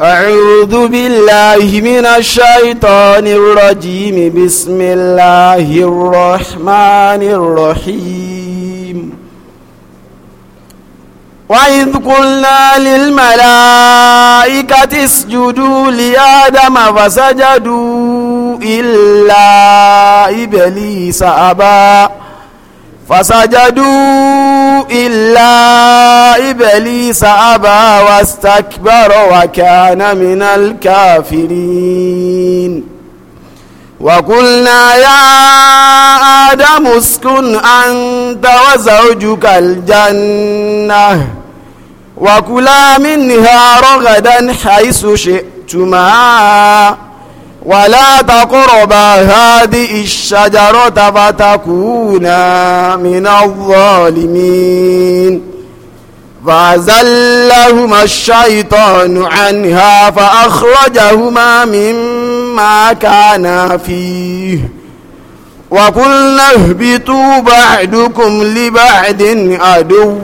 أعوذ بالله من الشيطان الرجيم بسم الله الرحمن الرحيم وإذ قلنا للملائكة اسجدوا لآدم فسجدوا إلا إبليس أبى فسجدوا إلا إبليس أبى واستكبر وكان من الكافرين وقلنا يا آدم اسكن أنت وزوجك الجنة وكلا منها رغدا حيث شئتما ولا تقرب هذه الشجرة فتكونا من الظالمين فأزلهما الشيطان عنها فأخرجهما مما كانا فيه وقلنا اهبطوا بعدكم لبعد عدو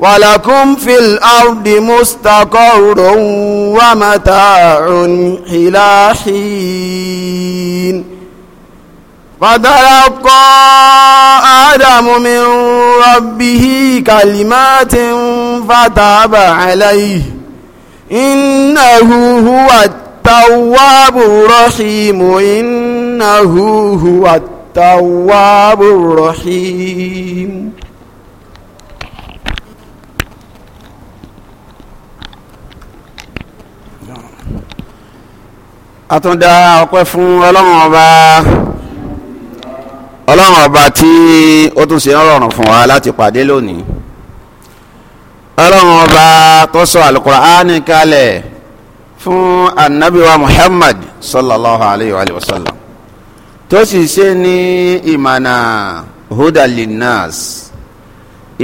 ولكم في الأرض مستقر ومتاع إلى حين فتلقى آدم من ربه كلمات فتاب عليه إنه هو التواب الرحيم إنه هو التواب الرحيم àtúndá ọpẹ́ fún ọlọ́run ọba ọlọ́run ọba tí ó tún ṣe rọrùn fún wa láti pàdé lónìí ọlọ́run ọba tó sọ alukur'ani kalẹ̀ fún anabiwa muhammad sallallahu alayhi wa sallam tó sì ṣe ní ìmànà hudalinas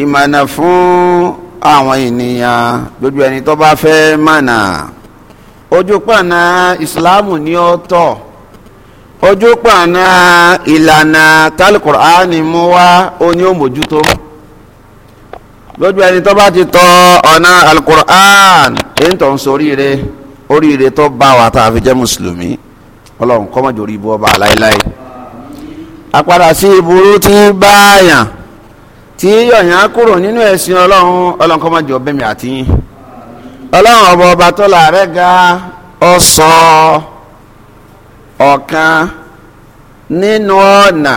ìmànà fún àwọn ènìyàn gbogbo ẹni tó bá fẹ́ mànà. ojúpànà ìsìláàmù ní ọ̀tọ̀ ojúpànà ìlànà tálùkùránì mú wá oní òmójútó lójú ẹni tó bá ti tọ ọ̀nà alukur'an èyí tó ń soríire oríire tó bá wa tá a jẹ́ mùsùlùmí ọlọ́run orí ibú ọba aláìláì àpadà sí ìburú tí báyàn tí yọ̀yàn kúrò nínú ẹ̀sìn ọlọ́run ọlọ́run ọlọ́run ọba ọba tó láàrẹ́ ga ọsọ ọ̀kan nínú ọ̀nà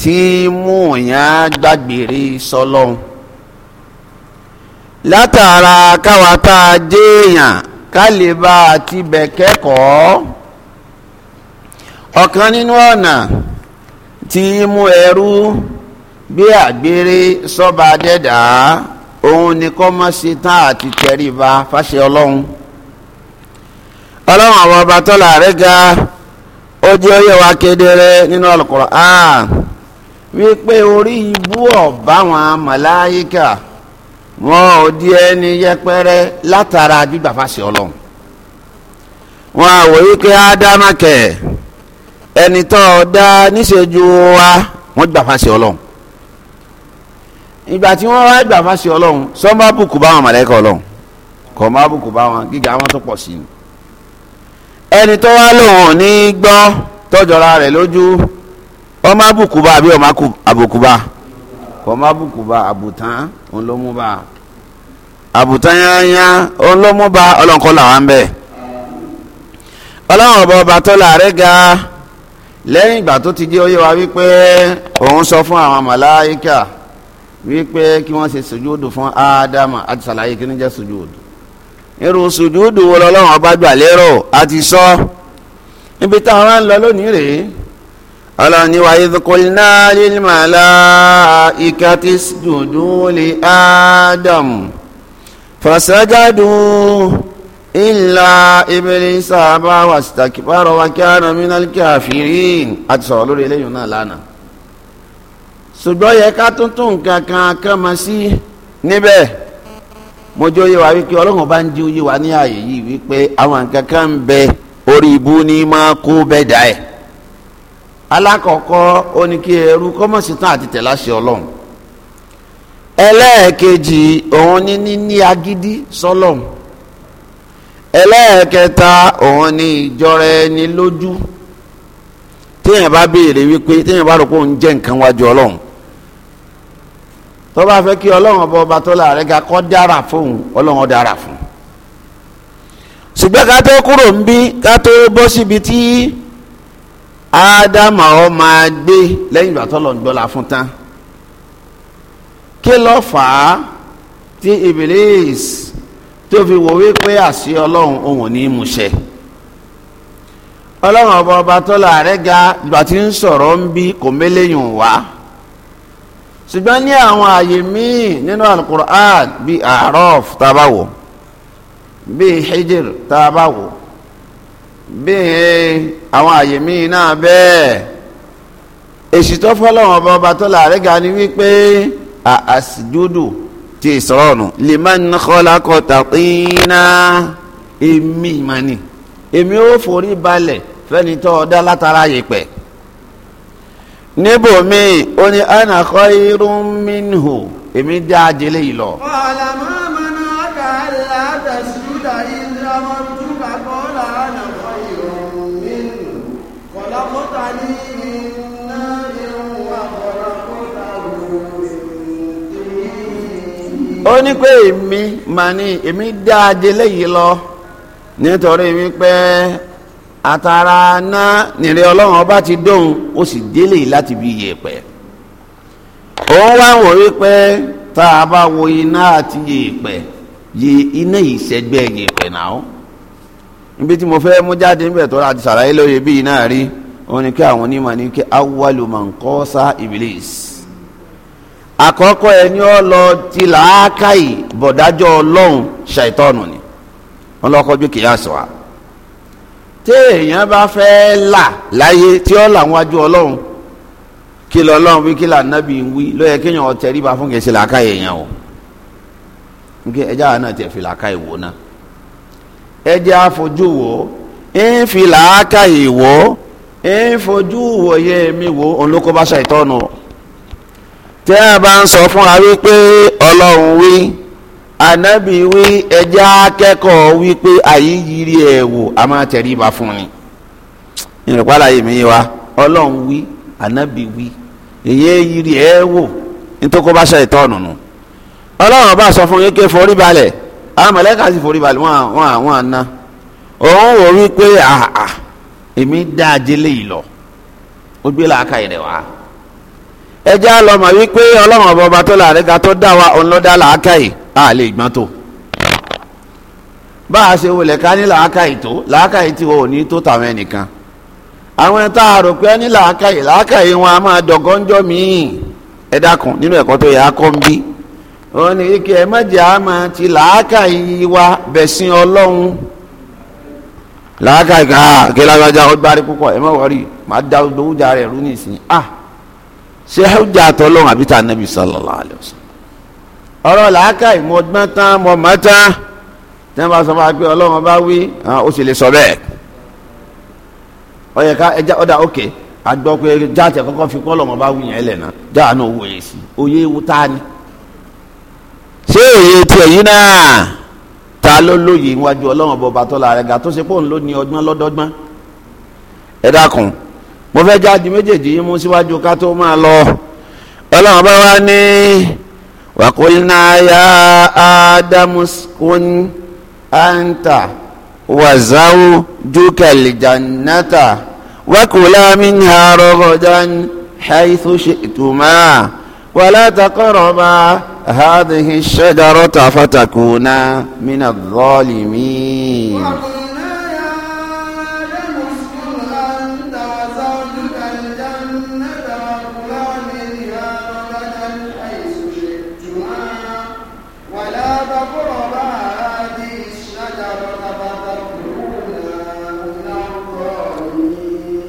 tí mú yàn gbàgbére sọlọ́hún látara káwa tá a jéèyàn ká lè bá ti bẹ̀ kẹ́kọ̀ọ́ ọ̀kan nínú ọ̀nà tí mú ẹrú bí àgbére dẹ́dàá. òun ni kọ́ mọ́ ṣe tán àti tẹríba fáṣẹ ọlọ́run ọlọ́run àwọn ọba tọ́lá rẹ̀ ga ó jẹ́ oyè wa kedere nínú Al-Qur'an wípé orí ibú ọ̀bá wọn màláyíkà wọn ò di ẹni yẹpẹrẹ látara gbígbà fáṣẹ ọlọ́run wọn àwòyí pé ádámàkẹ́ ẹni tó dá níṣẹ́jú wa wọ́n gbà fáṣẹ ọlọ́run ìgbà tí wọ́n wá gbà fásitì ọlọ́run sọ́mbà bùkù bá wọn mọ̀lẹ́kọ̀ ọlọ́run kọ̀ má bùkù bá wọn gíga wọn tó pọ̀ sí i. ẹni tó wá lòun ní gbọ́ tọ́jọ́ra rẹ̀ lójú ọmọ bùkù bá àbí ọmọ àbùkù bá kọ̀ má bùkù bá àbùtán òun bá àbùtán yányá òun bá ọlọ́nkọ́ làwọn ń bẹ̀. ọlọ́run ọba ọba tó láàrẹ́ ga lẹ́yìn ìgbà tó ti jẹ́ ó wa wípé òun sọ fún àwọn màláyíkà wípé kí wọ́n ṣe sùjúdù fún ádámà àti sàlàyé kí ní jẹ́ sùjúdù irú sùjúdù wo lọ́lọ́run ọba gbà lérò àti sọ níbi táwọn máa ń lọ lónìí rèé ọlọ́ni wa idh qulna lil malaikati isjudu li ádámù fasajadu illa iblisa aba wastakbara wa kana minal kafirin àti sọ̀rọ̀ lórí eléyìí náà lánàá ṣùgbọ́n yẹ ká tuntun nǹkan kan kan mọ̀ sí níbẹ̀ mo jẹ́ oyè wa wípé ọlọ́run bá ń di oyè wa ní ààyè yìí wípé àwọn nǹkan kan ń bẹ orí ibú ni máa kó bẹ́ẹ̀ ẹ̀ alákọ̀ọ́kọ́ ó ní kí ẹrú kọ́mọ̀sí tán àti tẹ̀láṣẹ ọlọ́run ẹlẹ́ẹ̀kejì òun ní níní agídí sọlọ́run ẹlẹ́ẹ̀kẹta òun ní ìjọra ẹni lójú téèyàn bá béèrè wípé téèyàn bá rò pé òun jẹ́ nǹkan wájú ọlọ́run tó bá fẹ́ kí ọlọ́run ọba ọba tó láàrẹ́ ga kọ́ dára fóun ọlọ́run dára fún ṣùgbọ́n ká tó kúrò ń bí ká tó bọ́ síbi tí ádámà ọ máa gbé lẹ́yìn ìgbà tọ́lọ̀ ń gbọ́la fún tán kí ló fà á tí Iblis tó fi wò wípé àṣì ọlọ́run òun ní múṣẹ ọlọ́run ọba ọba tọ́lọ̀ àrẹ́ga ìgbà tí ń sọ̀rọ̀ ń bí kò mélèyàn wá ṣùgbọ́n ní àwọn àyè míì nínú alukur'an bíi A'raf tá a bá wò bíi Hijr tá a bá wò bíi àwọn àyè míì náà bẹ́ẹ̀ èsì tó fọlọ́wọ́n ọba ọba tó láàrẹ́ ga ni wípé àṣìjúdù ti ìsọ̀rọ̀nù liman khalaqa taqina èmi ìmọ̀ èmi ó forí balẹ̀ fẹ́ni tó ọdá látara yìí pẹ̀ níbòmí ó ní ana khairun minhu èmi dá ajélé yìí lọ. qala ma mana'aka alla tasjuda idh amartuka qala ana khairun minhu khalaqtani min narin wa khalaqtahu min tin. ó ní pé èmi màní èmi dá ajélé yìí lọ nítorí wípé. Atara na nìrẹ ọlọ́run ọba ti dóhun ó sì délé láti bí yèèpẹ̀ òun wá wò wípé tá a bá wo iná àti yèèpẹ̀ yè iná yìí sẹ́gbẹ́ yèèpẹ̀ náà níbi tí mo fẹ́ mú jáde níbẹ̀ tó láti ṣàlàyé lóye bí iná rí òun ni kí àwọn onímọ̀ ni kí awwalu man àkọ́kọ́ ẹni lọ ti làákàyè bọ̀dájọ́ ọlọ́run ṣàìtọ́nù ni ọlọ́kọ́jú kìí àṣọ tí èèyàn bá fẹ́ là láyé tí ó làwọn ajú ọlọ́run kí lọ ọlọ́run wí kí là nábì ń wí ló yẹ kéèyàn ó tẹríba fún kìí ṣe làákàyè èèyàn o nígbà ẹjẹ́ àwọn náà tiẹ̀ fi làákàyè wò náà ẹjẹ́ àfojú wò ń fi làákàyè wò ń fojú wò yẹ mi wò òun ló bá ṣàìtọ́nu tẹ́ ẹ bá ń sọ fún wa wípé ọlọ́run wí. anabi wí ẹjẹ́ akẹ́kọ̀ọ́ wípé yiri ẹ̀ a máa tẹríba fún ni ìrìnkwálà yìí mi ọlọ́run wí anabi wí èyí yiri ẹ̀ nítorí kó bá ṣe ìtọ́nù nù ọlọ́run bá sọ fún yín ké forí balẹ̀ àwọn sì forí balẹ̀ wọ́n àwọn àwọn àna òun wò wípé àà èmi yìí lọ ó gbé làákà yìí wá ọba ọba tó wa òun dá làákà yìí a lè gbọ́n tó bá a ṣe wọlé ká ní làákàyè tó làákàyè tí wọn ò ní tó tàwọn ẹnìkan àwọn tá a rò pé ní làákàyè làákàyè wọn a máa dọ̀gọ́njọ́ míì ẹ dákun nínú ẹ̀kọ́ tó yẹ á ń bí wọn ni ike ẹ má jẹ́ a máa ti làákàyè wa bẹ̀sìn ọlọ́run làákàyè ká ah, kí lágbájá ó gbárí púpọ̀ ẹ má wọrí màá da gbowó jà rẹ̀ rú nìsín ah ṣé ó jà tọ́lọ́run àbí tà nàbì sallallahu alaihi wasallam ọ̀rọ̀ làákà ìmọ̀gbọ́n tán mọ̀ mọ́ tán tí wọ́n bá sọ fún wa pé ọlọ́run bá wí ó sì lè sọ bẹ́ẹ̀ ọyẹ ká ẹja ọ̀dà òkè àgbọ̀ pé jáàtì kọ́kọ́ fi kọ́ ọlọ́run bá wí yẹn lẹ̀ náà jáà náà wòye sí oyè ewu tá a ní. ṣé òye tiẹ̀ yìí náà ta ló lóye iwájú ọlọ́run bọba tọ́lá rẹ̀ gà tó ṣe pé ló ní ọgbọ́n lọ́dọ́gbọ́n ẹ dákun mo fẹ́ jáde méjèèjì yín mú síwájú ká tó máa lọ ọlọ́run bá wá ní. وقلنا يا آدم اسكن أنت وزوجك الجنة وكلا منها رغدا حيث شئتما ولا تقربا هذه الشجرة فتكونا من الظالمين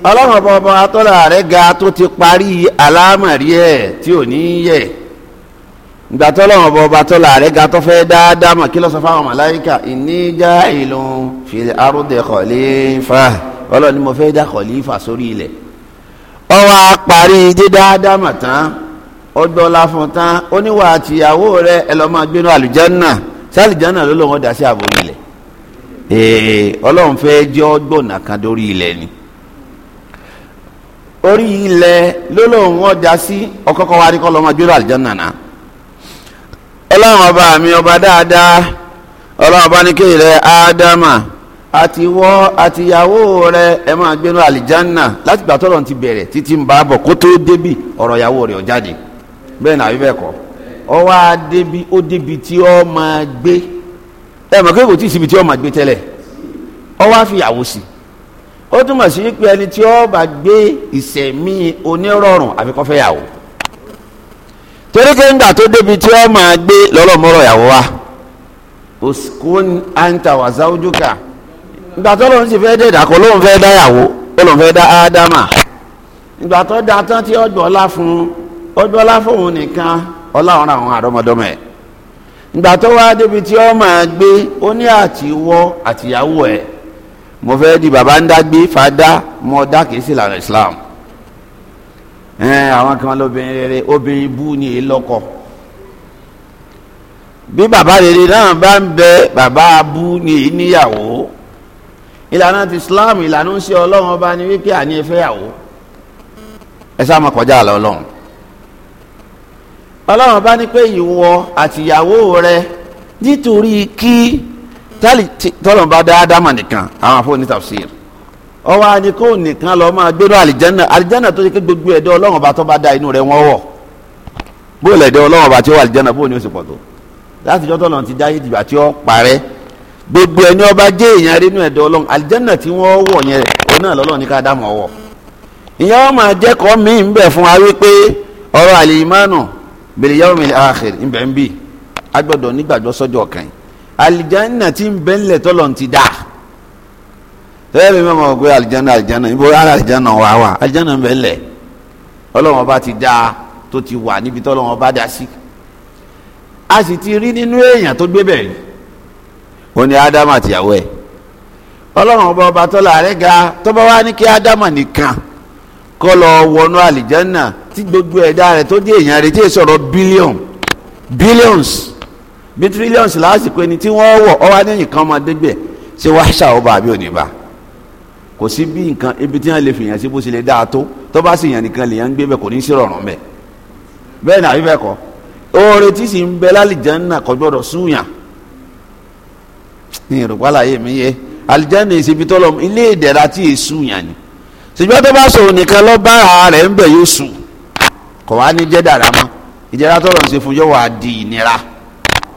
ọlọ́run ọba ọba atọ́lá rẹ̀ ga tó ti parí àlámọ̀rí ẹ̀ tí ò ní yẹ ìgbà tọ́lọ́run ọba ọba atọ́lá rẹ̀ ga tó fẹ́ dáadáa mọ̀ kí ló sọ fáwọn màláìkà inni ja'ilun fil ardi khalifa ọlọ́run ni mo fẹ́ dá khalifa sórí ilẹ̀ ó wá parí dé dáadáa mọ̀ tán ọdọ́lá fún tán oníwà àtìyàwó rẹ̀ ẹ lọ́ọ́ máa gbénu àlùjànnà sí àlùjànnà ló lọ́wọ́ dá sí àbórí ilẹ̀ ọlọ́run fẹ́ jẹ́ ọgbọ̀nà kan dórí ilẹ̀ ni. orí ilẹ̀ lólóhùn ọjà sí ọkọ̀kọ̀ wa adékọ́ lọ́mọ gbérò àlìjánà náà ọlọ́run ọba mi ọba dáadáa ọlọ́run ọba ní kéèrè ádámà àtiwọ́ àtìyàwó rẹ ẹ máa gbérò àlìjánà láti gbà ti bẹ̀rẹ̀ títí ń bá bọ̀ kó tó débi ọ̀rọ̀ ìyàwó rẹ̀ ọ̀jáde bẹ́ẹ̀ kọ́ ọwọ́ adébi ó débi tí máa gbé mọ̀ tí ì síbi ó túmọ̀ sí pé ẹni tí ó bá gbé ìsẹ̀mí onírọ̀rùn àfikọ́ fẹ́ yàwó torí pé ńgbà tó débi tí ó máa gbé lọ́lọ́mọ́rọ̀ yàwó wa òsìkún àǹtà wàzáwójúkà ńgbà tó lóun sì fẹ́ dé ìdàkọ́ lóun fẹ́ dá yàwó lóun fẹ́ fún ọjọ́ ọlá nìkan àwọn ẹ̀ tó wá débi tí ó máa mo fẹ́ di baba ń dágbé fada mo dá kìí sí ìlànà Islam ẹn àwọn kan lóbìnrin rere obìnrin bú ni èyí lọ́kọ bí baba rere náà bá ń bẹ baba bú ni èyí níyàwó ìlànà ti Islam ìlànà ń ṣe ọlọ́run ọba ni wípé àní ẹ fẹ́ yàwó ẹ sá máa kọjá àlọ́ ọlọ́run ọlọ́run ọba ní pé ìwọ àtìyàwó rẹ nítorí kí tálì tọ́lọ̀ bá dá ádámà nìkan àwọn àfọwọ́ ní tafsir ọwọ́ àni kò nìkan lọ́ọ́ máa gbérò àlìjánà àlìjánà tó ṣe pé gbogbo ẹ̀dọ́ ọlọ́run ọba tó bá dá inú rẹ̀ wọ́n wọ̀ bóòlù ẹ̀dọ́ ọlọ́run ọba tí ó wà àlìjánà bóòlù ni ó sì pọ̀ tó láti jọ́ tọ́lọ̀ ti dáyé ìgbà tí ó parẹ́ gbogbo ẹni ọba jẹ́ èèyàn rínú ẹ̀dọ́ ọlọ́run àlìjánà tí wọ́n wọ̀ yẹn òun náà ní ká dá mọ́ wọ̀ wọn máa jẹ́kọ̀ọ́ mi ń bẹ̀ fún wa wípé ọ̀rọ̀ àlìyímánù bil yawmil akhir ń bẹ̀ ń bì agbọ́dọ̀ nígbàgbọ́ sọ́jọ́ ọ̀kan yìí alijanna ti ń bẹ́ńlẹ̀ tọ́lọ̀ ti dà tẹ́lẹ̀ mi máa mọ̀ pé alijanna alijanna ibo ara alijanna wà wà alijanna ń bẹ́ńlẹ̀ ọlọ́wọ́n bá ti dá tó ti wà níbi tọ́lọ́wọ́n bá dá sí a sì ti rí nínú èèyàn tó gbé bẹ̀rẹ̀ ó ní ádámù àtìyàwó ẹ̀ ọlọ́run ọba ọba tọ́lá rẹ̀ ga tọ́ba wa ni kí ádámù nìkan kọ́ lọ wọnú àlìjánà tí gbogbo ẹ̀dá rẹ̀ tó dé èèyàn rẹ̀ tí ì sọ̀rọ̀ billion billions bí tírílíọ̀nsì lásìkò ẹni tí wọ́n wọ̀ ọ́ wá lẹ́yìn kan máa dégbẹ̀ ṣé wàá ṣàwọ́bà àbí òní bá kò sí bí nǹkan ibi tí wọ́n lè fìyàn sí bó ṣe lè dáa tó tó bá sì yàn nìkan lèyàn ń gbé bẹ́ẹ̀ kò ní sí rọrùn bẹ́ẹ̀ bẹ́ẹ̀ ni àbí bẹ́ẹ̀ kọ́ oore tí sì ń bẹ lálìjánná kò gbọ́dọ̀ súnyàn ní ìrùkọ́ àlàyé mi yé àlìjánná ìṣèbí tọ́lọ̀ ilé ìdẹ̀ra tí èé súnyàn ni ṣùgbọ́n tó bá sọ̀rọ̀ nìkan lọ bá ara rẹ̀ ń bẹ̀ yóò sùn kò wá ní jẹ́ dàrá mọ́ ìjẹ́ra tọ́lọ̀ ṣe fún yóò wá di ìnira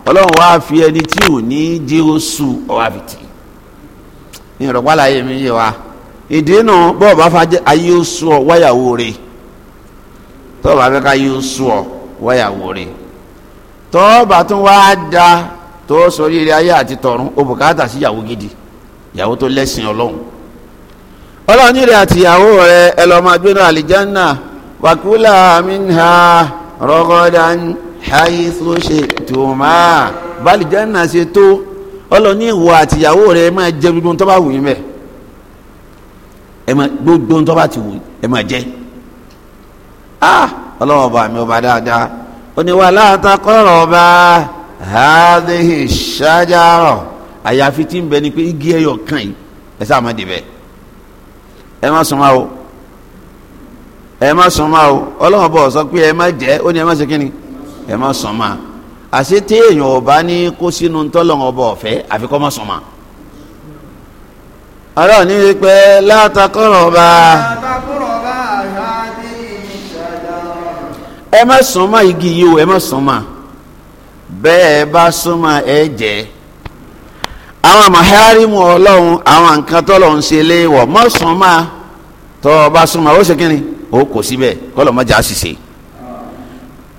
ọlọ́run wá fi ẹni tí ò ní jẹ́ oṣù ọ̀wá fìtì ní ìrọ̀pá láyé mi yé wa ìdènà bọ́ọ̀ bá fa ayé oṣù ọ wáyàwó rẹ̀ tọ́ọ̀ bá fẹ́ ká ayé oṣù ọ wáyàwó rẹ̀ tọ́ọ̀ bá tún wá da tó sórí ilé ayé àti tọ̀run ó bùkátà sí ìyàwó gidi ìyàwó tó lẹ́sìn ọlọ́run ọlọ́run ní rẹ̀ àti ìyàwó rẹ̀ ẹ lọ́ọ́ máa gbénu àlìjánná wàkúlà minha hayithu ṣètùmá bálìjánà ṣe tó ọlọ́ni ìwọ àtìyàwó rẹ ẹ máa jẹ gbogbo tó bá yín bẹ́ẹ̀ ẹ máa gbogbo tó ti wù ẹ máa jẹ ah ọlọ́wọ́ bá mi ọba dáadáa ó ní wàhálà àtàkọ́rọ̀ ọba ha ṣájàrọ̀ àyàfi tí ń bẹ ni pé igi yìí ẹ ẹ má sọ pé ẹ má ó ní ẹ má ẹ má sùn mọ́ àṣé tí èèyàn ò bá ní kó sínú tọ́lọ́wọ́n ọba ọ̀fẹ́ àfi kọ́ má sùn mọ́ ọlọ́run ní wípé látàkọ́rọ̀ ọba ẹ má sùn mọ́ igi yìí o ẹ má sùn mọ́ bẹ́ẹ̀ bá sùn mọ́ ẹ jẹ́ àwọn maharimu ọlọ́run àwọn nǹkan tọ́lọ́run ṣe léèwọ̀ má sùn mọ́ tọ́ ọ bá sùn ó ṣe kí ni ó kò síbẹ̀ kọ́lọ́ mọ́jà ṣiṣẹ́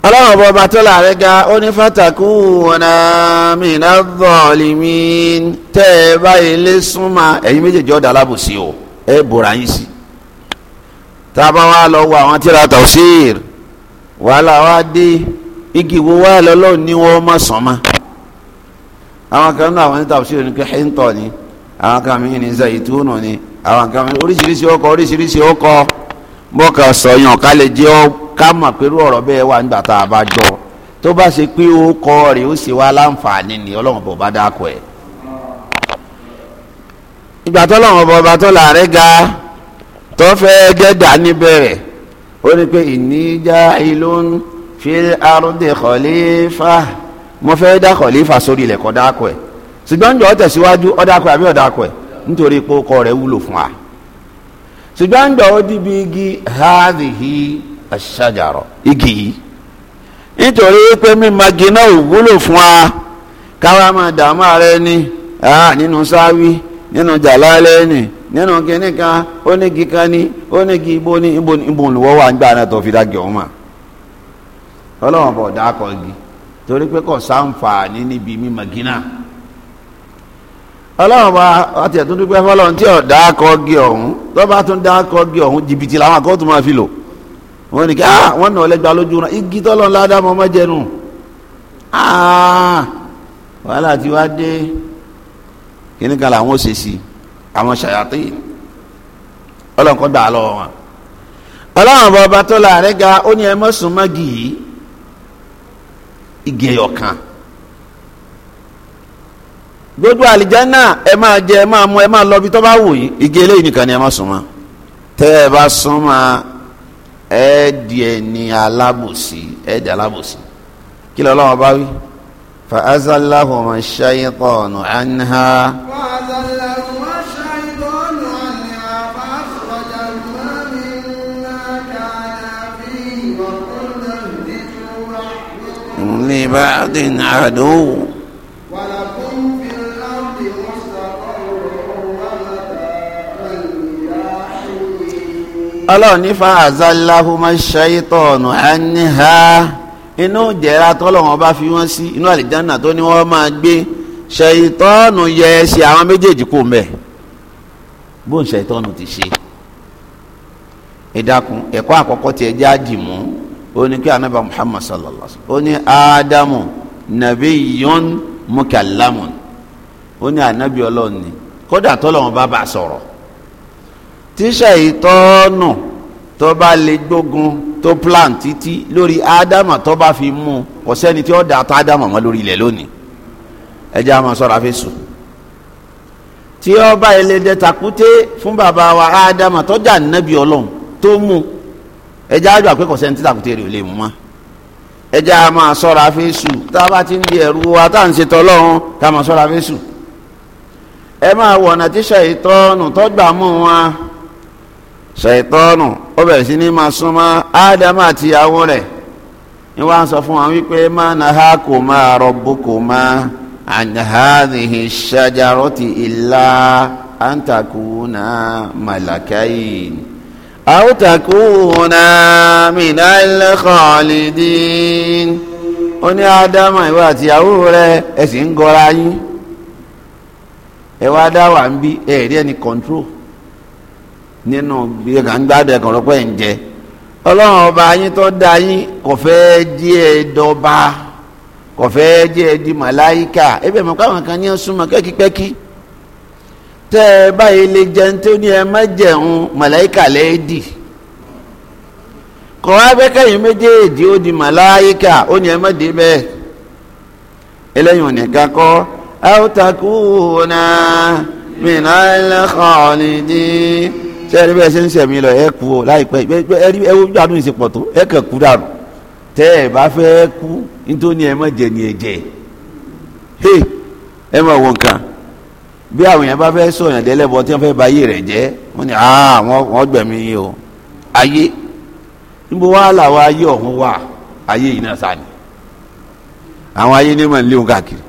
ọlọ́run ọba ọba tó láàrẹ́ ga ó ní fàtàkù ọ̀nà mìíràn bọ̀ọ̀lìmí tẹ́ ẹ báyìí lé súnmọ́ ẹ̀yin méjèèjì ọ̀dà alábòsí o ẹ bòrà yín sí tá a bá wá lọ wọ àwọn tíra tafsir wàhálà wa dé igi wo wá lọ́lọ́run ní wọ́n má sàn má àwọn kan náà àwọn tafsir ní hintọ́ ni àwọn kan mi ní zaitun ni àwọn kan mi oríṣiríṣi ọkọ̀ oríṣiríṣi ọkọ̀ bọ́ọ̀kà ká mọ̀ pé irú ọ̀rọ̀ bẹ́ẹ̀ wà nígbà tá a bá jọ tó bá ṣe pé ó kọ rẹ̀ ó sì wá láǹfààní ni ọlọ́run bò bá ẹ̀. ìgbà tó lọ́wọ́ bọ̀ bá tó ga tó fẹ́ gẹ́gà níbẹ̀rẹ̀ ó ní pé ìníjà ìlú ń fi arúndé kọ̀lífà mo fẹ́ dá kọ̀lífà sórí ilẹ̀ kọ́ dákọ̀ ẹ̀ ṣùgbọ́n jọ tẹ̀síwájú àbí ẹ̀ nítorí pé ó rẹ̀ wúlò fún wa ṣùgbọ́n aṣájàrọ̀ igi yìí nítorí pé mímọ̀ igi náà fún wa káwa máa dààmú ara ẹni nínú sáwí nínú jàlálẹ́ni nínú kínní kan ó kan ní ó ibo ní ibo ní ibo olùwọ́ wà nígbà náà tó fi torí pé kò sáǹfààní níbi bá àti ẹ̀tún dúpẹ́ tí ò igi ọ̀hún tó bá tún igi ọ̀hún jìbìtì wọ́n ní kí ah wọ́n nà ọlẹ́gbàá lójú náà igi tọ́lọ̀ ńlá dámọ́ ọmọ jẹnu ah wàhálà tí wàá dé kíní kan làwọn ò ṣe sí àwọn ṣàyàtì ọlọ́nkọ́ gbà á lọ́wọ́ wọn. ọlọ́run bọba tó láàrẹ́ ga ó ní ẹ mọ́sùn mọ́gì yìí igi ẹ̀yọ̀ kan gbogbo àlìjáná ẹ máa jẹ ẹ máa mu ẹ máa lọ bí tó bá wù yín igi eléyìí nìkan ni ẹ má sùn mọ́ tẹ́ ẹ bá sùn máa ẹ̀ẹ́dì ẹni alábòsí ẹ̀ẹ́dì alábòsí kí ló lọ́wọ́ bá wí. fa azallahuma ash-shaytanu anha. fa azallahuma ash-shaytanu anha fa akhrajahuma mimma kana fihi wa qulna ihbitu ba'dukum li ba'din aduwwun. ọlọ́run nífa àzálàhùmá ṣáyítọ̀nù àníhà inú jẹ̀ra tọ́lọ́wọ́n bá fi wọ́n sí inú àlìjánà tó ní wọ́n máa gbé ṣáyítọ̀nù yẹ ṣe àwọn méjèèjì kò mẹ́ bóun ṣáyítọ̀nù ti ṣe ẹ dákun ẹ̀kọ́ àkọ́kọ́ tiẹ̀ já dì ó ní kí anábà Muhammad sallallahu alaihi wa sallam ó ní ádámù nabiyyun mukallamun ó ní anábì ọlọ́run kódà tọ́lọ́wọ́n bá bá sọ̀rọ̀ tíṣà ìtọ́nù tó bá lè gbógun tó plan títí lórí ádámà tó bá fi mú un kò sẹ́ni tí ó dà tó ádámà mọ́ lórí ilẹ̀ lónìí ẹjẹ́ a máa sọ̀rọ̀ tí ó bá ẹlẹ́dẹ̀ takúté fún bàbá wa ádámà tó dà nẹ́bí ọlọ́run tó mú un ẹjẹ́ àjọ àpé kò sẹ́ni tí takúté rẹ̀ ò lè mú ma ẹjẹ́ a máa sọ̀rọ̀ tá a bá ti ń di ẹ̀rú wa tá à ń ṣetọ́ ọlọ́run ká máa sọ̀rọ̀ àfẹ́sù ẹ máa wọ̀nà tíṣà ìtọ́nù tó gbà mú wọn ṣètọ́nù ó bẹ̀rẹ̀ sí ní máa súnmọ́ ádámù àti ìyàwó rẹ̀ ni wọ́n á sọ fún wọn wípé má nahakuma rabbukuma an hadhihi shajarati illa an takuna malakayn aw takuna minal khalidin ó ní ádámù ìwọ àti ìyàwó rẹ̀ ẹ̀ ń gọra yín ẹ̀ wá ń bí ẹ̀ ẹni control nínú yẹ̀gà ń gbádùn ẹ̀kọ́ rọ́pẹ́ ń jẹ ọlọ́run ọba yín tó dá yín kò fẹ́ jí ẹ dọba kò fẹ́ jí ẹ di màláyíkà ebè mọ̀ káwọn kan ní súnmọ́ kẹ́kíkẹ́kí tẹ́ ẹ báyìí lè jẹun tó ní ẹ má jẹun màláyíkà lẹ́ẹ̀dì kọ́ abẹ́kẹ́yìn méjèèjì ó di màláyíkà ó ní ẹ má dé bẹ́ẹ̀ eléyìí ò ní ká kọ́ mìíràn ẹlẹ́kọ̀ọ́ nìdí ṣe ẹni bẹ́ẹ̀ ṣe ń sẹ̀mí lọ ẹ kú o láìpẹ́ ẹni ẹ ojú àdúgbò ṣe pọ̀ tó ẹ kàn kú dànù tẹ́ ẹ bá fẹ́ kú nítorí ẹ mọ̀ jẹ ni ẹ jẹ he ẹ mọ̀ wọ nǹkan bí àwọn yẹn bá fẹ́ sọ̀yàn délẹ́bọ̀ tí wọ́n fẹ́ ba ayé rẹ̀ jẹ́ wọ́n ní aa wọ́n gbẹ̀mí yín o ayé níbo wàá làwọn ayé ọ̀hún wà ayé yìí náà sani àwọn ayé ní mọ̀ nílé òun káàkiri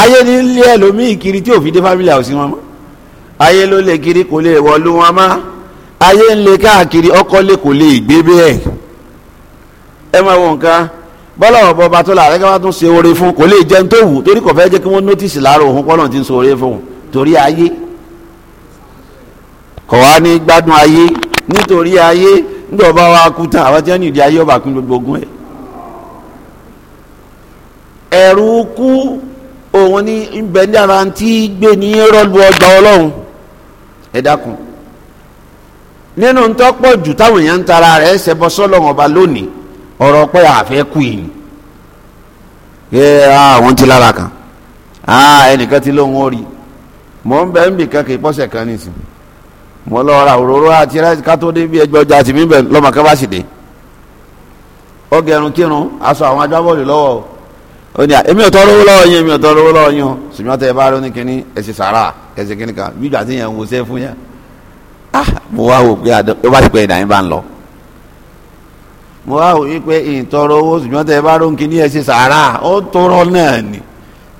ayé ní ilé ẹlòmíì kiri tí òfin dé fámìlì àwòsí wọn mọ́ ayé ló lè kiri kò lè wọlú wọn mọ́. ayé ń le káàkiri ọkọ lè kò lè gbé bẹ́ẹ̀ ẹ máa wọ nǹkan bọ́lá ọ̀bọ bá tún ṣe oore fún kò lè jẹun tó wù torí kò fẹ́ jẹ́ kí wọ́n nótìsì láàárọ̀ òun pọ́nà ti ń ṣe fún un torí ayé wá gbádùn ayé nítorí ayé nígbà àwọn tí wọ́n nìdí ayé ọba gbogbo ogun ẹ̀ ẹ̀rù kú òun ní nínú ntọ́pọ̀ jù táwọn èèyàn ń tara rẹ̀ ẹsẹ̀ bọ́ sọ́lọ́wọ́n ọba lónìí ọ̀rọ̀ pé àfẹ́ yìí ti lára kan ẹnìkan ti lóun kan lọ ra òróró àti dé bí ẹgbẹ́ ọjà àti lọ́mọ bá sì dé kírun aṣọ àwọn agbábọ́ọ̀lù lọ́wọ́ o bá ah mo wá wò pé ó bá ti pẹ́ ìdá yín bá ń lọ mo wá wò yí pé ìtọrọ owó ṣùgbọ́n tẹ́ ẹ bá rò ń kíní ẹ ṣe sàárà ó tọrọ náà ni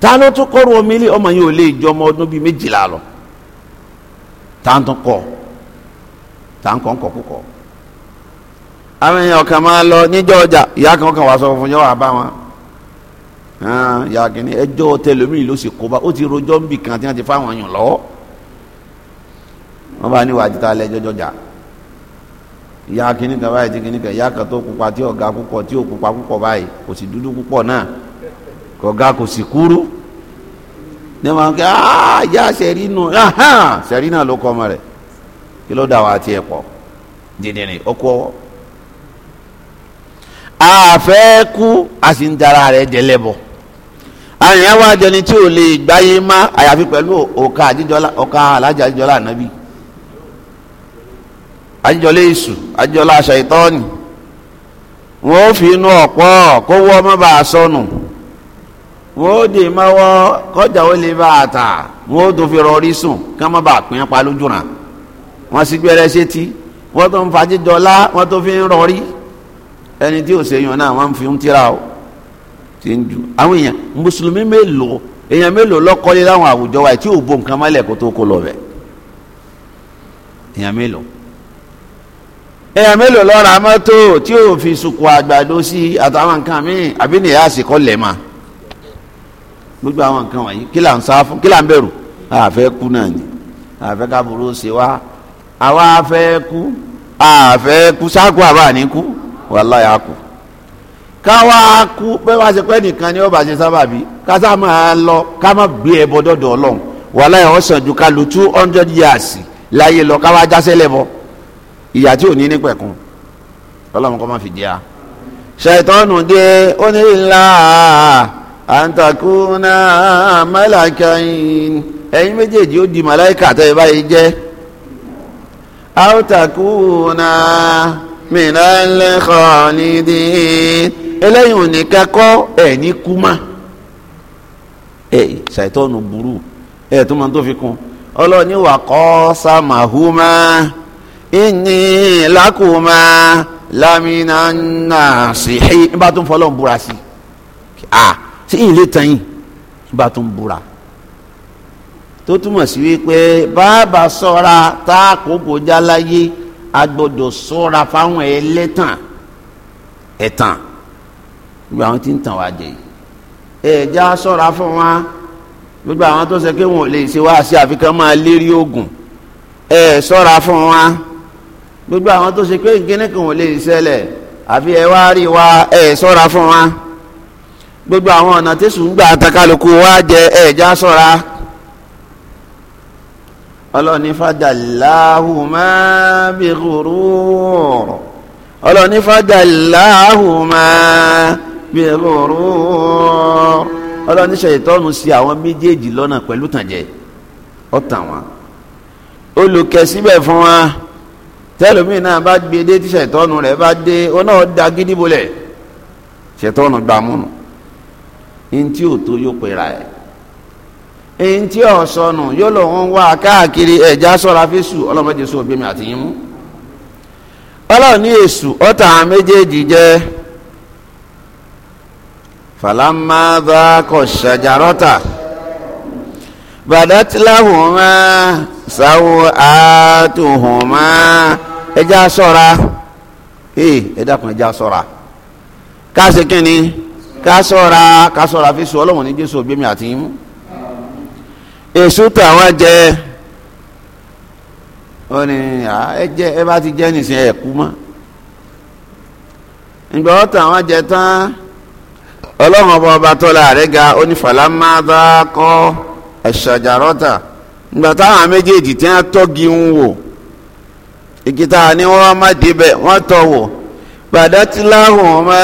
ta ló tún kọ́rọ̀ omi lé ọmọ yìí ò lè jọ ọmọ ọdún bíi méjìlá lọ ta ń tún kọ́ ta ń kọ́ ń kọ́ púpọ̀ àwọn èèyàn kan máa lọ níjọ́ ọjà ìyá kan kan wà sọ fún yọ àbá wọn ìyá kìíní ẹjọ́ tẹlẹmí ló sì kó bá ó ti rojọ́ ń bì kan tí wọ́n ti fáwọn èèyàn lọ́wọ́ wọ́n bá ní ìwà àti tálẹ̀ jọjọjà ìyá kìnnìkan báyìí tí kìnnìkan ìyá kan tó pupa tí ọ̀gá púpọ̀ tí ò pupa púpọ̀ báyìí kò sì dúdú púpọ̀ náà kọ̀ọ̀gá kò sì kúrú ní wọn kí aa ìyá sẹ̀rí nù sẹ̀rí náà ló kọ́ ọmọ rẹ̀ kí ló dà wá àti ẹ̀ pọ̀ dídìrì ó kú ọwọ́ kú a sì ń dara rẹ̀ jẹlẹ́bọ̀ àyàn wá jẹni tí ò lè gbáyé má àyàfi pẹ̀lú ọ̀ka àjíjọ́lá ọ̀ka alájà àjíjọ́lá ànábì àjọlé isu, àjọlá ṣàìtọ́ọ̀nì wọ́n ó fi inú ọ̀pọ̀ kówó ọmọ bá a sọnù wọ́n ó dè mọ́wọ́ kọjá ó lè bá a tà wọ́n ó tó fi rọrí sùn kí wọ́n má bàa pín pa lójúra wọ́n sì gbẹ́rẹ́ sétí wọ́n tó ń fàájídọ́lá wọ́n tó fi ń rọrí ẹni tí ò sèyàn náà wọ́n fi ń tíra o ti ń ju àwọn èèyàn mùsùlùmí mélòó èèyàn mélòó lọ́kọ́lé láwọn àwùjọ wa tí ò bo nǹkan mọ́lẹ̀ kó tó kó lọ bẹ̀ èèyàn mélòó èèyàn mélòó lọ́ra mọ́tò tí ò fi sùkù àgbàdo sí àtàwọn nǹkan míì àbí nìyá àsìkò lẹ́ẹ̀ma gbogbo àwọn nǹkan wọ̀nyí kí là ń sá fún kí là ń bẹ̀rù àfẹ́ kú náà ni àfẹ́ káburú ṣe wá àwa afẹ́ kú àfẹ́ kú sáàkú àbá ní kú wàláyà kú káwa kú pé wá ṣe pé nìkan ni ó bá ṣe sábàbí ká sá máa lọ ká má gbé ẹbọ dọ̀dọ̀ ọlọ́run wàláyà ó sàn ju ká lu two hundred years láyé lọ káwa jásẹ́ lẹ́bọ̀ọ́ ìyà tí ò ní ní pẹ̀kun ọlọ́run kọ́ máa fi jẹ́ a ṣàìtọ́nù dé ó ní ńlá ẹ̀yin méjèèjì ó di màláìkà tẹ́ ẹ báyìí jẹ́ àǹtakùnà mìnàlẹ́kọ̀ nídìí eléyìí ò ní kẹ́kọ́ ẹ̀ ní kúmá ẹ̀ burú ẹ̀ tó máa tó fi kún ọlọ́ọ̀ni wà kọ́ sàmàhùmá inni lakuma lamina nasihi nígbà tó ń fọlọ́ ń búra sí a sí ilé tán yìí nígbà tó ń búra tó túmọ̀ sí wípé bàbá sọ́ra tá a kò kọjá láyé a gbọ́dọ̀ sọ́ra fáwọn ẹlẹ́tàn ẹ̀tàn gbogbo àwọn tí ń tàn wá jẹ ẹ̀já sọ́ra fún wa gbogbo àwọn tó ṣe pé wọn ò lè ṣe wá sí àfikàn máa lérí oògùn ẹ̀ sọ́ra fún wa gbogbo àwọn tó ṣe pé nkíní kan ò lè ṣẹlẹ̀ àfi ẹ wá rí wa ẹ sọ́ra fún wa gbogbo àwọn ọ̀nà tẹ̀sù ń gbà àtàkàlùkù wa jẹ ẹ já sọ́ra ọlọ́ọ̀ni fàdàláhùmá bí ghurur ọlọ́ọ̀ni fàdàláhùmá bí ghurur ọlọ́ọ̀ni ṣèyítọ́nù sí àwọn méjèèjì lọ́nà pẹ̀lú tànjẹ ọ̀tàn wọn olùkẹ́síbẹ̀ fún wa. tẹlomiin náà bá gbé dé tí ṣètọ́nù rẹ̀ bá dé ó náà da gidi bolẹ̀ ṣètọ́nù gbàmúnù ntí ò tó yóò pera ẹ̀ ntí ò sọnù yóò lọ wọn wá káàkiri ẹ̀já sọ́ra fésù ọlọ́mọdé sọ gbẹmí àti yín mú ọlọ́run ní èṣù ọ̀tá méjèèjì jẹ́ falamma dha kọ̀ badat lahuma sawatuhuma ẹja ṣọ́ra ee ẹja kan ẹja ṣọ́ra ká ṣe kínni ká ṣọ́ra ká ṣọ́ra fi sọ ọlọ́wọ́n ní jésù ògbémi àti yín mú èso tàwọn jẹ ó ní ẹ jẹ ẹ bá ti jẹ nìsín ẹ kú mọ́ ìgbà wọn tàwọn jẹ tán ọlọ́wọ́n ọba ọba tọ́lá rẹ̀ ga ó ẹ̀ṣàjàrọ́tà nígbà táwọn méjèèjì tí wọ́n tọ́gi ń wò ìkìtà ni wọ́n má débẹ̀ wọ́n tọ̀ wò bàdátìláhùnmá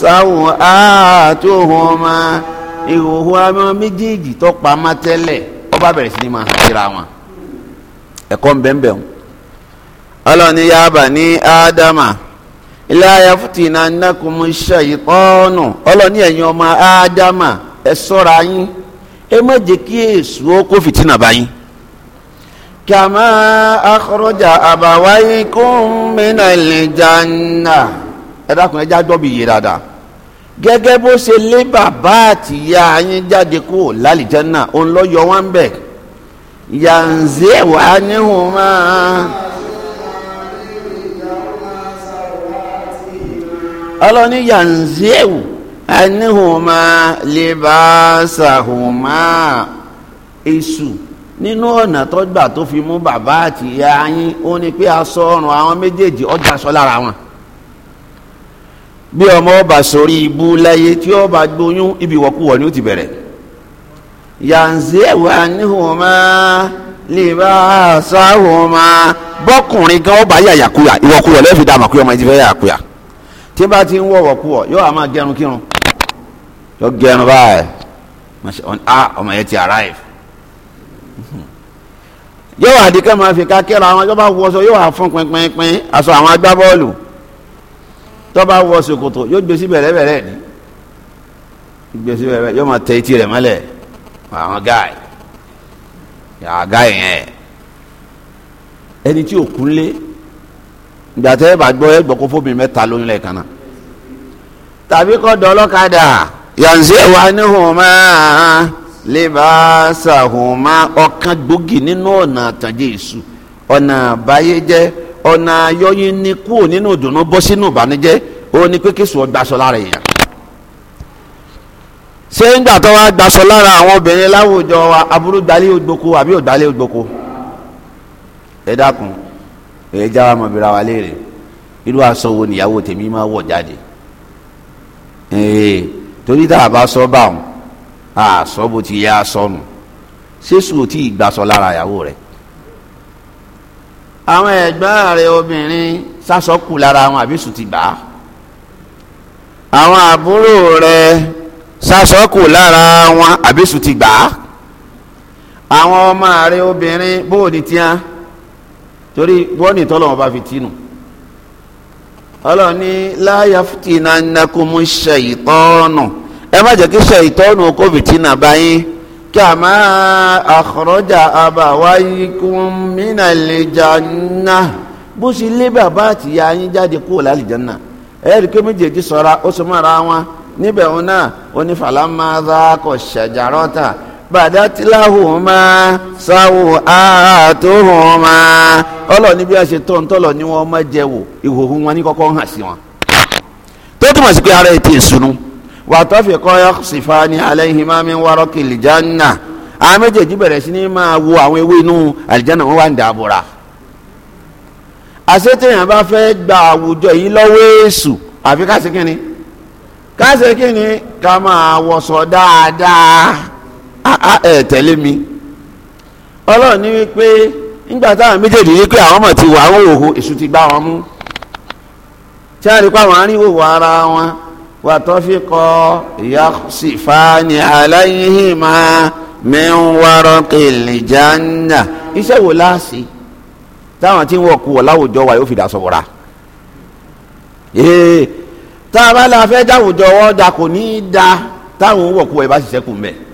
sáhùn àtúhùnmá ìhòhò méjèèjì tó tẹ́lẹ̀ wọ́n bá bẹ̀rẹ̀ sí ni máa síra wọn ẹ̀kọ́ ńbẹ̀ńbẹ̀ wọn. ọlọ́ni yaaba ní ádámà ilé ayé fútìnnà nàkùnmù ọlọ́ni ẹ̀yin ọmọ ẹ má jẹ́ kí èṣù ó kó fìtínà bá yín. kàmá akhraja abawaykum minal janna ẹ dákun ẹ já gbọ́ bí yé dáadáa gẹ́gẹ́ bó ṣe lé bàbá àtìyá yín jáde kúrò lálìjánná òun lọ yọ wọn bẹ̀ yànzẹ́ wàá níhùn máa. ọlọ́ni yanzeu anihuma libasahuma èṣù nínú ọ̀nà tó tó fi mú bàbá àti ìyá yín ó ní pé aṣọ ọrùn àwọn méjèèjì ọjà aṣọ lára wọn bí ọmọ ọba sórí ibú láyé tí ọba gbóyún ibi ìwọ̀kuwọ̀ ni ó ti bẹ̀rẹ̀ yanzi ẹ̀wọ̀ anihuma libasahuma bọ́kùnrin gan ọba yà yàyàkuyà ìwọ̀kuwọ̀ lẹ́ẹ̀fi dàmọ̀ pé ọmọ ẹ ti fẹ́ yàyàkuyà tí bá ti ń wọ̀wọ̀kuwọ̀ yóò máa gẹrun kírun yọ gẹrun báyìí ah ọmọ yẹn ti arrive yóò wà di ká máa fi kákẹ́rọ àwọn tó bá wọṣọ yóò wà fún pínpínpín aṣọ àwọn agbábọ́ọ̀lù tó bá wọ ṣòkòtò yóò gbèsè bẹ̀rẹ̀bẹ̀rẹ̀ ni gbèsè bẹ̀rẹ̀ yóò máa tẹ etí rẹ̀ mọ́lẹ̀ àwọn gáì yàrá gáì yẹn ẹni tí ò kúnlé ìgbà tẹ́ ẹ ẹ gbọ́ kó fóbi mẹ́ta lóyún lẹ́ẹ̀kan náà tàbí kọ́ dọ́ ọlọ́kadà. yanzi'u anihuma libasahuma ọ̀kan gbòógì nínú ọ̀nà àtàjẹ èṣù ọ̀nà àbáyéjẹ́ ọ̀nà ayọ́yín ni kúrò nínú ìdùnnú bọ́ sínú ìbànújẹ́ ó ní pé kí sùn ọgbà lára èèyàn. ṣé ńgbà tó wá gbaṣọ lára àwọn obìnrin láwùjọ wa aburú gbalẹ̀ ògbóko àbí ògbálẹ̀ ògbóko ẹ dákun ẹ já wa mọ̀bìrà wa léèrè irú aṣọ wo tèmi torí tá a bá sọ bá wọn a sọ bó ti yá sọnù ṣéṣù ò tí ì gbàsọ lára ìyàwó rẹ̀ àwọn ẹ̀gbọ́n rẹ̀ obìnrin sásọkù lára wọn àbí sùn ti gbà á àwọn àbúrò rẹ̀ sásọkù lára wọn àbí ti gbà á àwọn ọmọ rẹ̀ obìnrin bóòdì tíá torí wọ́n ní tọ́lọ́wọ́n fi tínú ọlọ́run ní láyà fìtínà nàkùnmù ṣèyítọ́ọ̀nù ẹ má jẹ́ kí ṣèyítọ́ọ̀nù kó fìtínà báyìí kàmá àkọ́rọ́jà àbàwáyíkún mínà lè jàǹnà bó ṣe lé bàbá àtìyá yín jáde kúrò lálìjánná ẹ̀rí kí méjèèjì sọra ó sọ mọ́ra wọn níbẹ̀ òun náà onífàlámà rákọ̀ ṣàjàrọ́ta bàdátí láhùnmá sáwò àtòhùnmá ọlọ́ọ̀ ní bí a ṣe tọ́ ń tọ́lọ̀ ni wọ́n máa jẹ wò ìhòòhò wọn ní kọ́kọ́ hàn sí wọn. tó túmọ̀ sí pé ara ètò ìsúnú wàtọ́ fi kọ́ ṣìfà ní alayhima min waraqil janna àwọn méjèèjì bẹ̀rẹ̀ sí ní máa wo àwọn ewé inú àlìjánà wọn wà ń dàbòrà. àṣetẹ̀yàn bá fẹ́ gba àwùjọ yìí lọ́wọ́ èṣù àfi ká ṣe ká ṣe kínni ká dáadáa àà ah, ah, ẹ̀ tẹ̀lé mi ọlọ́run ní wípé nígbà táwọn méjèèjì ní pé àwọn ọmọ ti wà wọ́n òhò èṣù ti gbá wọn mú tí wọ́n rí pé àwọn arín òhò ara wọn wà tó fi kọ ìyá sì fa ni aláyíhìn máa mẹ́rin wárọ́ kìlì jáńdà iṣẹ́ wo láàṣì táwọn tí ń wọ̀ kú wọ̀ láwùjọ wa yóò fi dà sọ̀rọ̀ tá a bá la fẹ́ dáwùjọ wọ́n da kò ní í da táwọn wọ̀ kú wọ̀ yìí bá ṣiṣẹ́ kù mẹ́ẹ̀.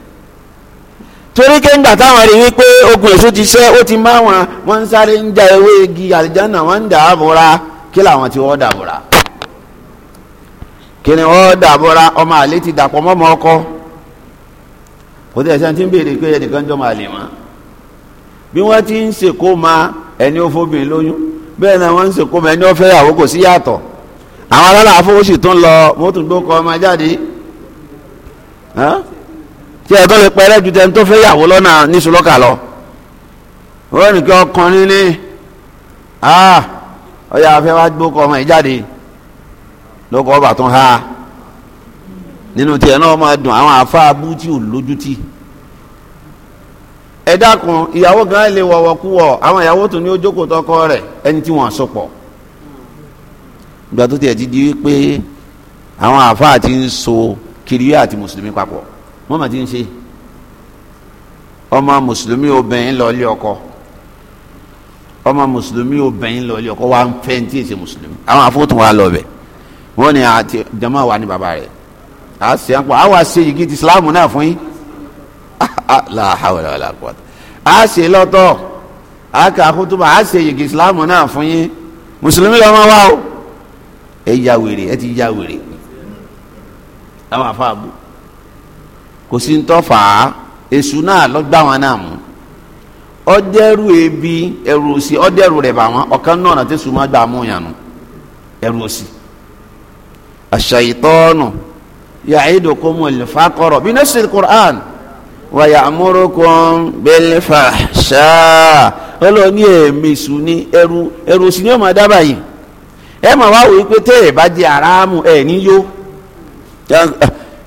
torí ké ńgbà táwọn rí wípé ogun èso ti ṣẹ́ ó ti máa wọn wọ́n sáré ń ja ewé igi àlìjáná wọ́n ń dà á kí làwọn ti wọ́n dà bora kí ni wọ́n dà ọmọ àlè ti dàpọ̀ mọ́mọ́ ọkọ kò tẹ̀ ṣe ti ń béèrè pé ẹnìkan jọ máa lè wọ́n bí wọ́n ti ń ṣèkó ma ẹni ó lóyún bẹ́ẹ̀ náà wọ́n ń ṣèkó ma ẹni ó fẹ́ tí ẹ tó lè pẹrẹ ju tẹni tó fẹ́ yàwó lọ́nà níṣùlọ́kà lọ wọ́n ní kí ọkùnrin ní ọyà afẹ́ wá gbókọ̀ ọmọ ìjáde lóko ọba tó ha nínú tiẹ̀ náà máa dùn àwọn àfa abú tí ò lójútì ẹ dákun ìyàwó gan lè wọ̀wọ̀ kú wọ̀ àwọn ìyàwó tó ní ó jókòó tọkọ rẹ̀ ẹni tí wọ́n sopọ̀ ìgbà tó ti di wípé àwọn àfa àti ń so kiri àti mùsùlùmí papọ̀ wọ́n mà ti ń ṣe ọmọ mùsùlùmí obìnrin lọ ilé ọkọ ọmọ mùsùlùmí obìnrin lọ ilé ọkọ wa ń fẹ́ ní tí èsì mùsùlùmí àwọn afọ́tún wa lọ bẹ̀ wọ́n ní àti ah, jama wa ní bàbá rẹ̀ à ṣe àpò àwọn àṣe yìí ti islam náà fún yín làhàwàlàwàlà kọ́ à ṣe lọ́tọ̀ àkà àkótóbà à ṣe yìí islam náà fún yín mùsùlùmí lọ́mọ wa o ẹ ya wèrè ẹ ti ya wèrè àwọn afọ àbò kò sí ntọ́ fà á èṣù náà lọ́gbà wọn náà mú ọdẹrù ebi ẹrù òsì ọdẹrù rẹ̀ bà wọn ọ̀kan náà nàti sùn máa gbà mú yànnú ẹrù òsì àṣàyìtọ́nù ya'idukumul faqra bí nasil Qur'an wa ya'murukum bil fahsha ọlọ́ọ̀ni èmi sùn ní ẹrù ẹrù òsì ni ó máa dábàá yìí ẹ mà wá wò ó pé tẹ́ ẹ bá di aráàmù ẹ ní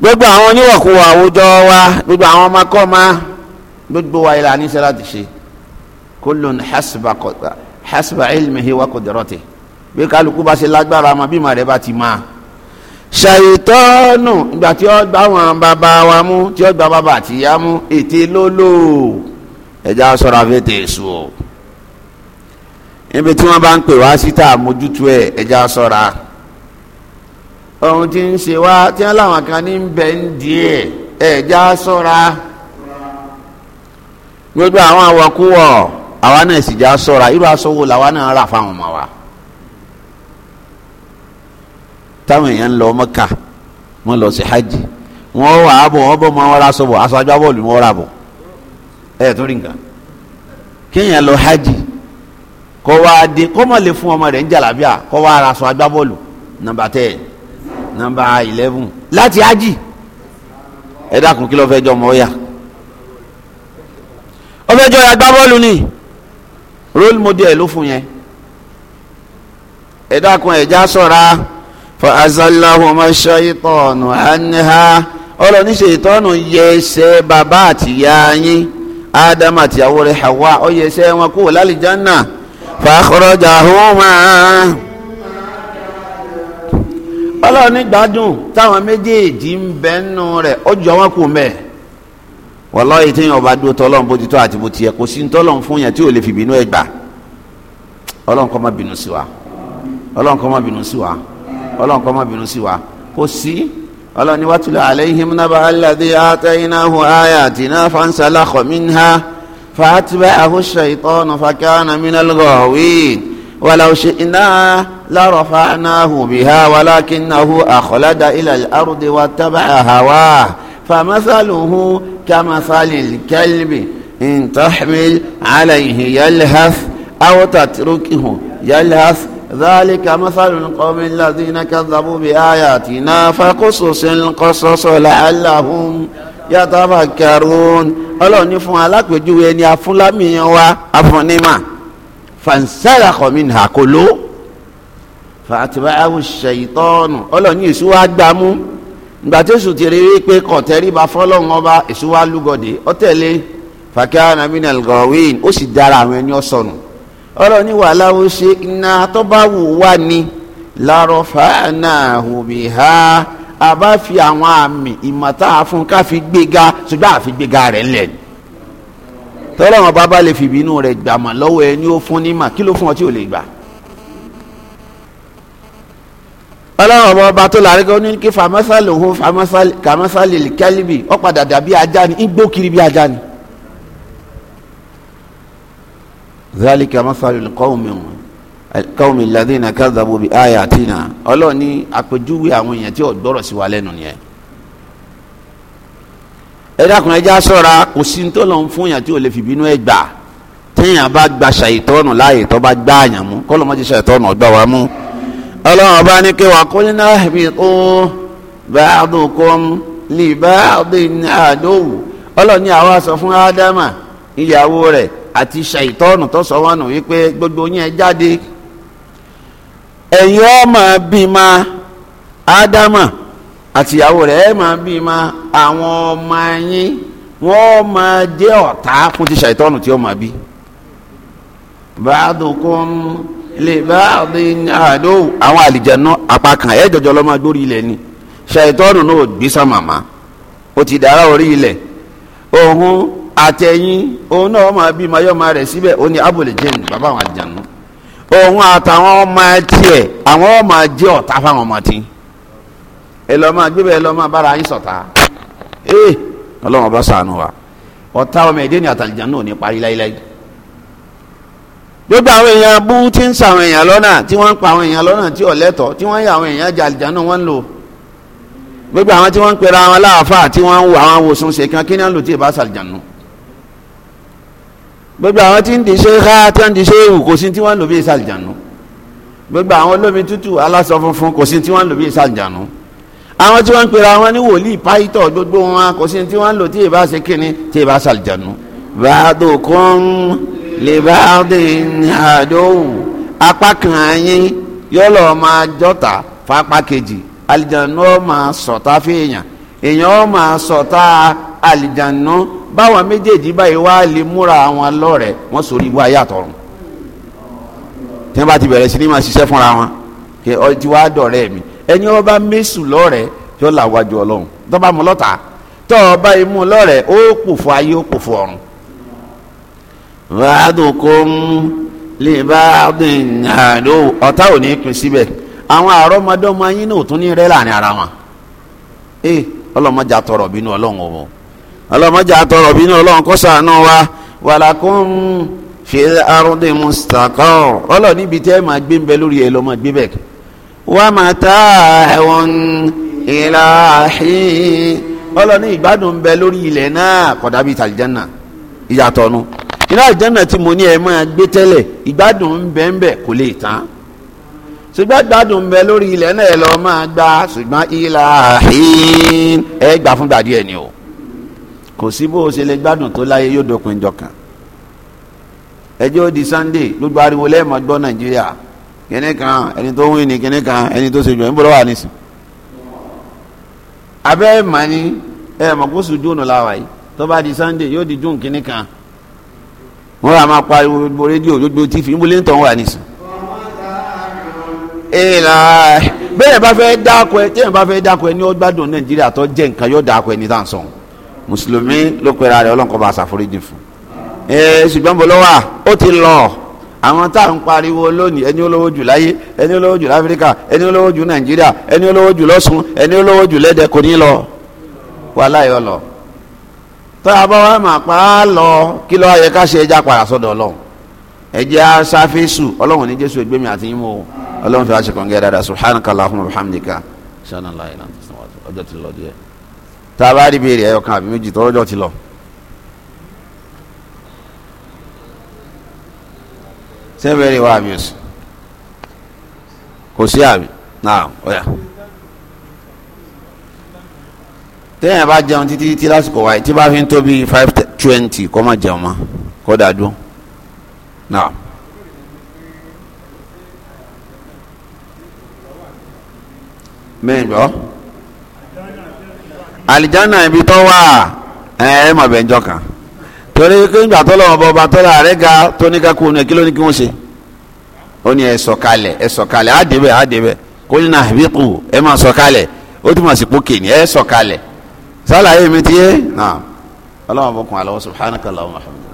gbogbo àwọn oníwọ̀kuwọ̀ àwùjọ wa gbogbo àwọn ọmọkọ́mọ gbogbo wa ilà ní sẹ́láàtì ṣe kullun hasba ilmihi wa qudratihi bí kálukú bá ṣe lágbára ma bí màrẹ́ bá ti máa ṣàìtọ́nù ìgbà tí ó gbà wọn bàbá wa mú tí ó gbà bàbá àti ìyá mú ètè lólò ẹ̀já sọ̀rọ̀ àfẹ́tẹ̀ èso o níbi tí wọ́n bá ń pè wá síta mójútó ẹ̀ ẹ̀já sọ̀rọ̀ a. ohun ti ń ṣe wá tí wọ́n láwọn kan ní bẹ̀ ń gbogbo àwọn awọkúwọ̀ àwa náà sì já sọ́ra irú aṣọ wo làwa náà rà fáwọn ọmọ wa táwọn èèyàn ń lọ lọ sí hajj wọn wà á aṣọ rà fún ọmọ ń jàlábíà wá aṣọ nọ́mbà eleven láti ájì ẹ dákun kí ló fẹ́ jọ ọmọ ọ̀yà ó fẹ́ jọ ọ̀yà gbá bọ́ọ̀lù ni role model ló fún yẹn ẹ dákun ẹ̀já sọ̀ra fa azallahuma ash-shaytanu anha ọ̀rọ̀ níṣe ìtọ́nù yẹ ẹsẹ̀ bàbá àtìyá yín ádámù àtìyàwó rẹ̀ Hawa ó yẹ ẹsẹ̀ wọn kúrò lálìjáná fa akhrajahuma ọlọ́run ní gbádùn táwọn méjèèjì ń bẹ nù rẹ̀ ó jọ wọn kù mẹ́ wọlọ́yìn tí yẹn ọba dúró tọ́lọ́run bó ti tọ́ àti bó ti yẹ kó sí tọ́lọ́run fún yẹn tí ò lè fi bínú ẹ̀ gbà ọlọ́run kó má bínú sí wa ọlọ́run kó má bínú sí wa ọlọ́run kó má bínú sí wa kò sí ọlọ́run ní wàtúlẹ̀ àlẹ́yìn nàbà aládé àtẹ̀yìnáhùn ayatina fansalakha minha fàtúbẹ̀ àhùṣe ìtọ́nù fàkẹ́ ولو شئنا لرفعناه بها ولكنه أخلد إلى الأرض واتبع هواه فمثله كمثل الكلب إن تحمل عليه يلهث أو تتركه يلهث ذلك مثل القوم الذين كذبوا بآياتنا فقصص القصص لعلهم يتفكرون ọlọ́run ní fún alápèjúwe ni afúnlámìyàn wa fansalakha minha kò ló fàtìbáyàwó ṣèyítọ́ọ̀nù ọlọ́ọ̀ni èṣù wa gbà mú ìgbà tí èṣù ti rí i pé kọ̀tẹ́rì bá fọlọ́hún ọba èṣù wa lúgọ̀dẹ̀ ó tẹ̀lé fàkíyàn amínà gọ̀wìn ó sì dára àwọn ẹni ọ̀sọ̀nù ọlọ́ọ̀ni wà láwo ṣe iná tó bá wù wá ni lárọ̀ fàánà òbí ha a bá fi àwọn àmì ìmọ̀ta fún ká gbéga ṣùgbọ́n àfi gbéga rẹ̀ ńlẹ̀ ni tọ́lọ́wọ́n bá bá lè fi ìbínú rẹ̀ gbàmọ̀ lọ́wọ́ ẹ ní ó fún ní mà kí ló fún ọ tí ò lè gbà. ọlọ́wọ́n ọba ọba tó lárí kan ní kí famásálì òhun famásálì kàmásálì kẹ́líbì ó padà dàbí ajá ni igbó kiri bí ajá ni. zálìkà masálì kọ́ọ̀mì kọ́ọ̀mì ladina kadhabu ayatina ọlọ́ọ̀ni àpèjúwe àwọn èèyàn tí ò gbọ́rọ̀ sí wa lẹ́nu nìyẹn ẹ dákun ẹ já kò sí tó lọ fún yàn tí lè fi bínú ẹ gbà gba ṣàìtọ́nù láàyè tó bá gbá àyàn mú kọ́ ló má ti ọba ní kí wà kó ní náà bí kó ba'dukum li ba'din aduw ọlọ́run ní àwa sọ gbogbo jáde ẹ̀yin ọmọ àtìyàwó rẹ̀ ẹ̀ máa bí ma àwọn ọmọ yín wọ́n máa jẹ́ ọ̀tá fún ti ṣàìtọ́nù tí ó máa bí. bàdùkún lè bàdùn àdó àwọn àlìjẹ̀nú apá kan ẹ̀ jọjọ lọ́mọ gbórí ilẹ̀ ni ṣàìtọ́nù náà gbé sàmàmà ó ti dára orí ilẹ̀ òun àtẹ̀yìn òun náà máa bí ma yọ́ọ́ máa rẹ̀ síbẹ̀ ó ní abúlé jẹ́nu bàbá àwọn àlìjẹ̀nú òun àtàwọn ọmọ tiẹ̀ àwọn ọmọ jẹ́ ọ̀tá fáwọn ọmọ tiẹ̀ ẹ lọ máa gbé bẹ́ẹ̀ lọ máa bára yín sọ̀tà ee eh, ọlọ́run ọba ṣàánú wa ọ̀tá ọmọ ẹ̀dẹ́ ni àtàlìjà náà ní parí láíláí. gbogbo àwọn èèyàn bú tí ń sa àwọn èèyàn lọ́nà tí wọ́n ń pa àwọn èèyàn lọ́nà tí ọ̀lẹ́tọ̀ tí wọ́n ń yà àwọn èèyàn jẹ àlìjà náà wọ́n ń lò gbogbo àwọn tí wọ́n ń pera àwọn aláàfáà tí wọ́n ń wo àwọn awòsùn ṣèkan kí ni wọ́n lò tí ì bá ṣàlìjà náà gbogbo àwọn tí ń di ṣe ká tí ń di ṣe ewu kò sí tí wọ́n lò bí ìsàlìjànú gbogbo àwọn olómi tútù aláṣọ kò sí tí wọ́n lò bí ìsàlìjànú àwọn tí wọ́n ń pera wọn ní wòlíì páyítọ̀ gbogbo wọn kò sí tí wọ́n ń lò tí ìbá ṣe kíni tí ìbá ṣàlìjànú. bàdó kan lè bá dé ní àdóhùn apá kan yín yóò lọ máa jọta fapá kejì àlìjànú ó máa sọ̀tá fèèyàn èèyàn ó máa sọ̀tá àlìjànú báwọn méjèèjì báyìí wá lè múra àwọn lọ́rẹ̀ẹ́ wọ́n sórí ibú ayé àtọ̀run tí wọ́n bá ti bẹ̀rẹ̀ sí ṣiṣẹ́ fúnra wọn kí ọtí ẹni ọba mẹ́sù lọ́rẹ̀ẹ́ yóò là wájú ọlọ́run tó bá mú lọ́ta tó ọba imú lọ́rẹ̀ẹ́ ó pòfò ayé ó pòfò ọ̀run. bàdùnkùn lè bá àdó ọ̀tá ò ní pín síbẹ̀ àwọn àrọ́mọdọ́mọ yín náà ò tún ní rẹ́ láàrin ara wọn. ee ọlọ́mọdé àtọ̀rọ̀ bínú ọlọ́run ọ̀wọ́ ọlọ́mọdé àtọ̀rọ̀ bínú ọlọ́run kó ṣàánú wa wàlàkùn fi arúndé mustaqar ọlọ́ọ̀ níbi tẹ́ máa gbé ń bẹ lórí ẹ lọ́mọ gbé bẹ́ẹ̀ ومتاع إلى حين ọlọ́ni ìgbádùn ń bẹ lórí ilẹ̀ náà kódà bíi tàlìjánà ìyàtọ̀ nu ilé àlìjánà tí mo ní ẹ máa gbé tẹ́lẹ̀ ìgbádùn ń bẹ ń bẹ kò lè tán ṣùgbọ́n ìgbádùn ń bẹ lórí ilẹ̀ náà ẹ lọ máa gbà ṣùgbọ́n ilà hìn ẹ gbà fúngbà o kò sí bó o ṣe lè gbádùn tó láyé yóò dópin jọkàn ẹjọ́ di Sunday gbogbo ariwo lẹ́ẹ̀mọ́ gbọ́ Nàìjíríà kíní kan ẹni tó wí ni kíní kan ẹni tó ṣe jù ẹ̀ ń bọ̀rọ̀ wà nísìn. abẹ́ ẹ̀ mà ní ẹ̀ mọ̀ kó sùn júùnù la wà yìí tó bá di sunday yóò di júùn kíní kan wọ́n rà máa pa gbogbo rédíò gbogbo tífì ń bolé ń tàn wà nísìn. ìlà bẹ́ẹ̀ bá fẹ́ dáko ẹ tẹ́yìn bá fẹ́ dáko ẹ ní ọgbádùn nàìjíríà tó jẹ́ nǹkan yóò dáko ẹ ní tàn sọ̀hún mùsùlùmí ló pera rẹ̀ ọlọ́nkọ́ bá aṣàforíjì fún. ẹ ṣùgbọ́n bọ́lọ́wà ó ti lọ àwọn tá à ń pariwo lónìí ẹni olówó jù láyé ẹni olówó jù láfíríkà ẹni olówó jù nàìjíríà ẹni olówó jù lọ́sùn ẹni olówó jù lẹ́dẹ̀ kò ní lọ wà láyọ̀ lọ tó a bá wà má pa á lọ kí lọ́wọ́ yẹ ká ṣe ẹja padà sọ́dọ̀ ọlọ́run ẹjẹ́ á sáfẹ́sù ọlọ́run ní jésù ẹgbẹ́mi àti yín mọ́ ọlọ́run fi wá ṣe kọ̀ǹgẹ́ dáadáa subhanaka allahumma wa bihamdika ṣáná láyé náà ọjọ́ ti lọ díẹ̀ tá a bá rí béèrè ẹ̀yọ̀kan àbí méjì tọ́jọ́ ti lọ. ṣé very wá àmì òsì kò sí àmì náà ọ̀yà. téèyàn bá jẹun títí títí lásìkò wáyé tí bá fi ń tó bíi five twenty kó má jẹun mọ́ kó dà dún náà. mẹ́rin bọ́ alijanna ibi tó wà ẹ̀ ẹ̀ mọ̀ bẹ́ẹ̀ njọ́ kan torí pé ńgbà tó lọ́wọ́ bọ́ ọba tó lọ́wọ́ àrẹ ga tó ní kakú ní kí ló ní kí wọ́n ṣe ó ní ẹ sọ̀kalẹ̀ ẹ sọ̀kalẹ̀ á débẹ̀ á débẹ̀ kó ní náà bí ẹ máa sọ̀kalẹ̀ ó túmọ̀ sí pókè ní ẹ sọ̀kalẹ̀ sálàyé mi ti yé náà ọlọ́wọ́ bọ́ kún àlọ́ subhanaka Allahumma